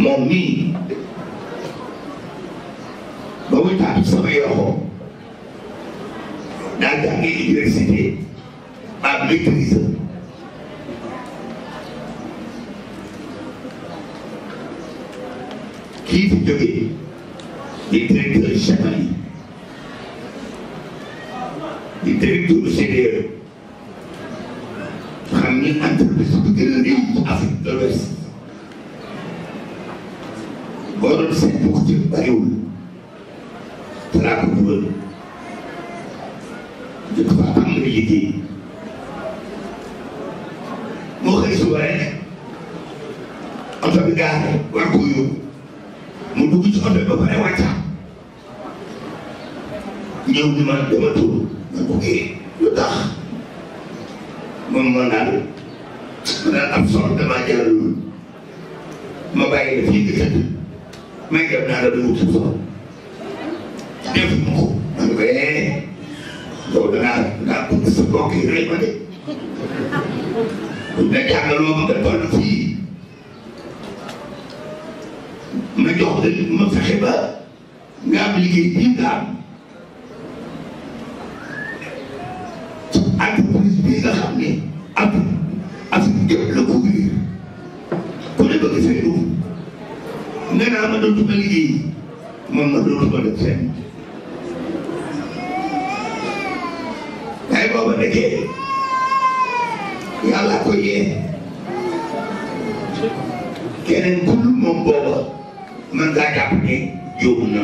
momi ba witaatu sama yoxo daa jàngee université ab maîtrise kii fi jógee di directeur chefali di directeur CDE xam ni entreprise bu gën a Afrique de l'Ouest boo doon seet ci bariwul danaa ko dugal dafa am na liggéey moo xëy suba rek oto bi gaar war koo yóbbu mu dugg ci ba ni ma dama tur ma ko kii lu tax moom ma naan ma am ma di mais gëm naa la dugub suuf sax def mu ko ma ne loolu danaa danaa bëgg sa mbokk yi ma de buñ la jàngaloo ma nga toll fii ma jox la ma fexe ba nga am liggéey bii nga am entreprise bii nga xam ne amul. man ma dootuma dem fenn waaye booba dëkkee yàlla ko yee keneen kul moom booba man ngaa jàpp ne yóbbu na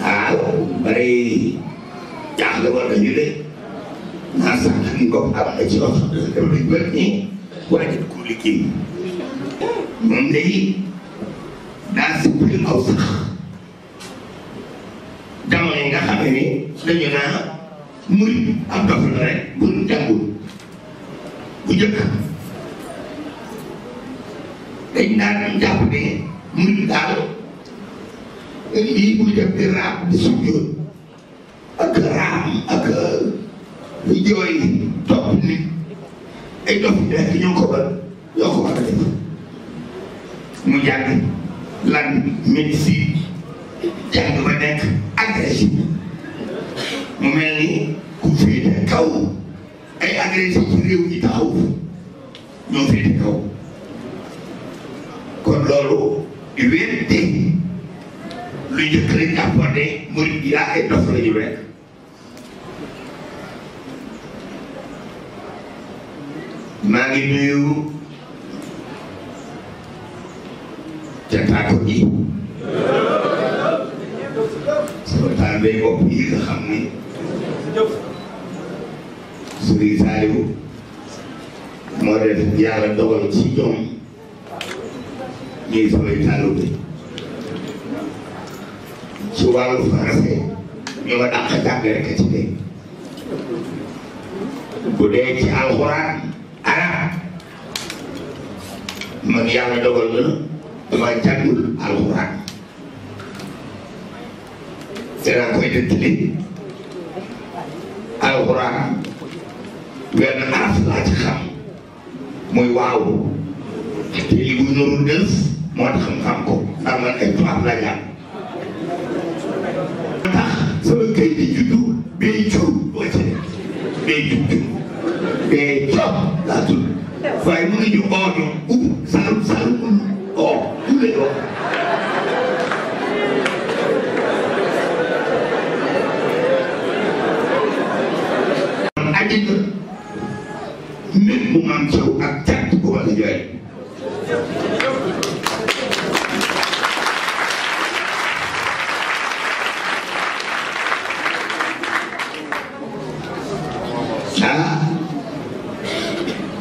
waaw bare jaaxle war nañu de naa sax ni ko am na ci oto dem nañ ba nii waa ji ku liggéey moom day asiku lil awsa jamono yi nga xam ne ni dañu naa murit ak dof rek bu ñu jàngul bu jëkk dañ daan jàpp ne murit daal lii bu jëkk di raam di sujjóot ak raam ak jooy topp nit ay dof nekk ñoo ko war ñoo ko war a mu jàng lan médecine jàng ba nekk agressif mu ku féete kaw ay agressif ci réew yi taxaw ñoo féete kaw kon loolu di wéete lu njëkk lañ jàppoon ne murid yi ay dof la ñu maa ngi nuyu amee bopp yi nga xam ni suñuy saaliwu moo def yàlla dogal ci ñoom ñuy samay taalibe ci wàllu français ñu ma dàq jàng rek ci dee bu ci alxuraan arab man yàlla dogal na dama jàngul alxuraan era koydentili alquran benn araf laa ci xam muy waaw te li muy noonu dës moo tax mu xam ko ndax man ay tubaab la ñaan tax sama kay di juddu bee cur wacce bee juddu bee cop laa tudd waaye mënuñu ooñu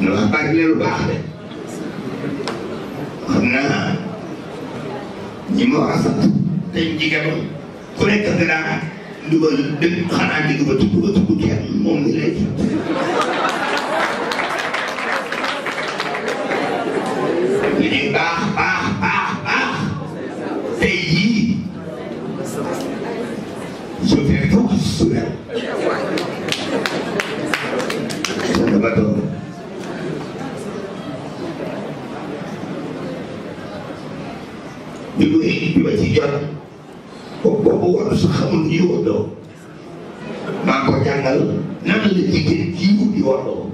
ñu baax de xam naa ma war a sant tey jigéen ku nekk danaa dugal dëgg xanaa digg ba tudd ba tudd moom mi lay li baax baax baax baax tey jii je vais tout naa ko jàngal nan la jigéen jiw di waddoo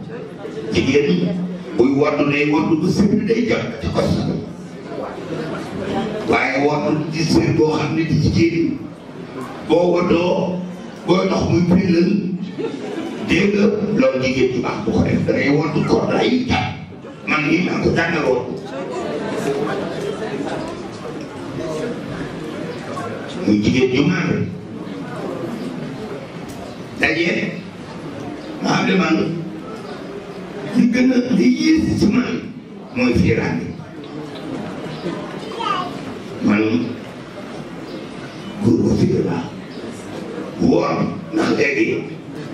jigéen buy waddu day waddu bu sëriñ day jot ci kos waaye waddu di sëriñ boo xam ne di jigéen boo waddoo boo dox muy pilal dégg nga jigéen ju baax bu ko def dangay waddu kor man nii maa ko jàngal muy jigéen ju maandu daje ma xam ne man li gën a li yées man mooy man góor bu fiir laa woor ndax léegi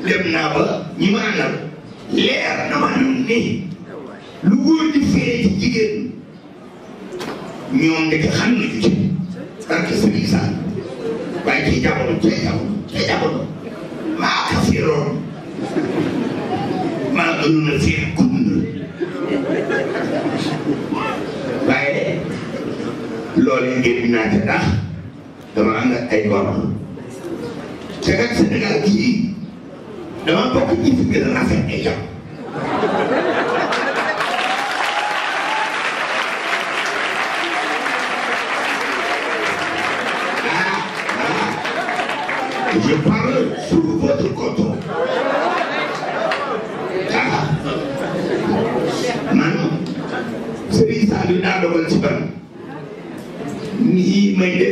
dem naa ba ñi ma àndal leer na ma ni lu góor di fee ci jigéen ñoom ndeke xam nañu ci parce que sëriñ Sall waaye ci jamono ca jamono mà Firon. Maar een veerkoende. waaye loolee ngeen naa ca tax dama am ay góor te sẽ Sénégal gii dama bokk ci fi gën a rafet ay jàpp. Je बचपन मी म्हणजे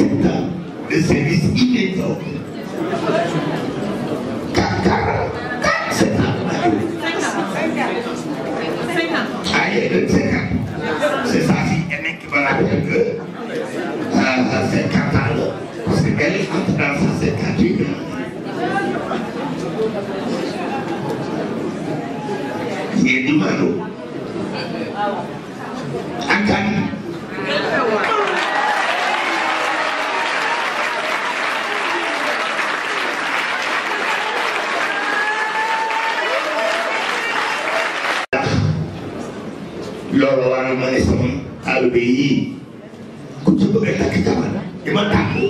acceptant le service immédiat. 4 40, 4 5 ans. Aïe, 25 ans. C'est sa fille, il y en a qui vont l'appeler que euh, 50 ans. Parce qu'elle entre dans sa 5 ans. Il est numéro. xaaral ma ne sama taalibe yii di ma tàggu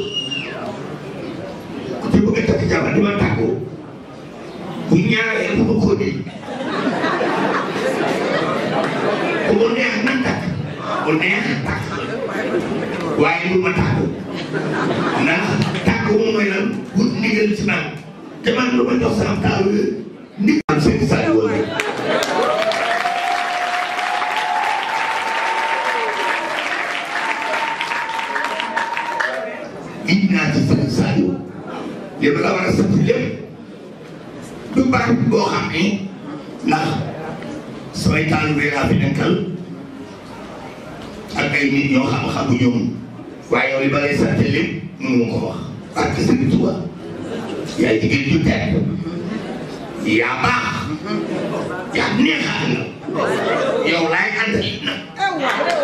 ku ci bëgg di ma tàggu Punya ñaaree buku ma ko dee ku mu neex na takk bu neex takk nah du ma tàggu ndax tàggu lu ma jox sàkkee nit ñoo xam-xam waaye yow ba lay sàkkee lépp mënu ma wax parce que Sëriñ Tuuba yaay jigéen ju tedd yaa baax yaa neexal na yow laay àndal na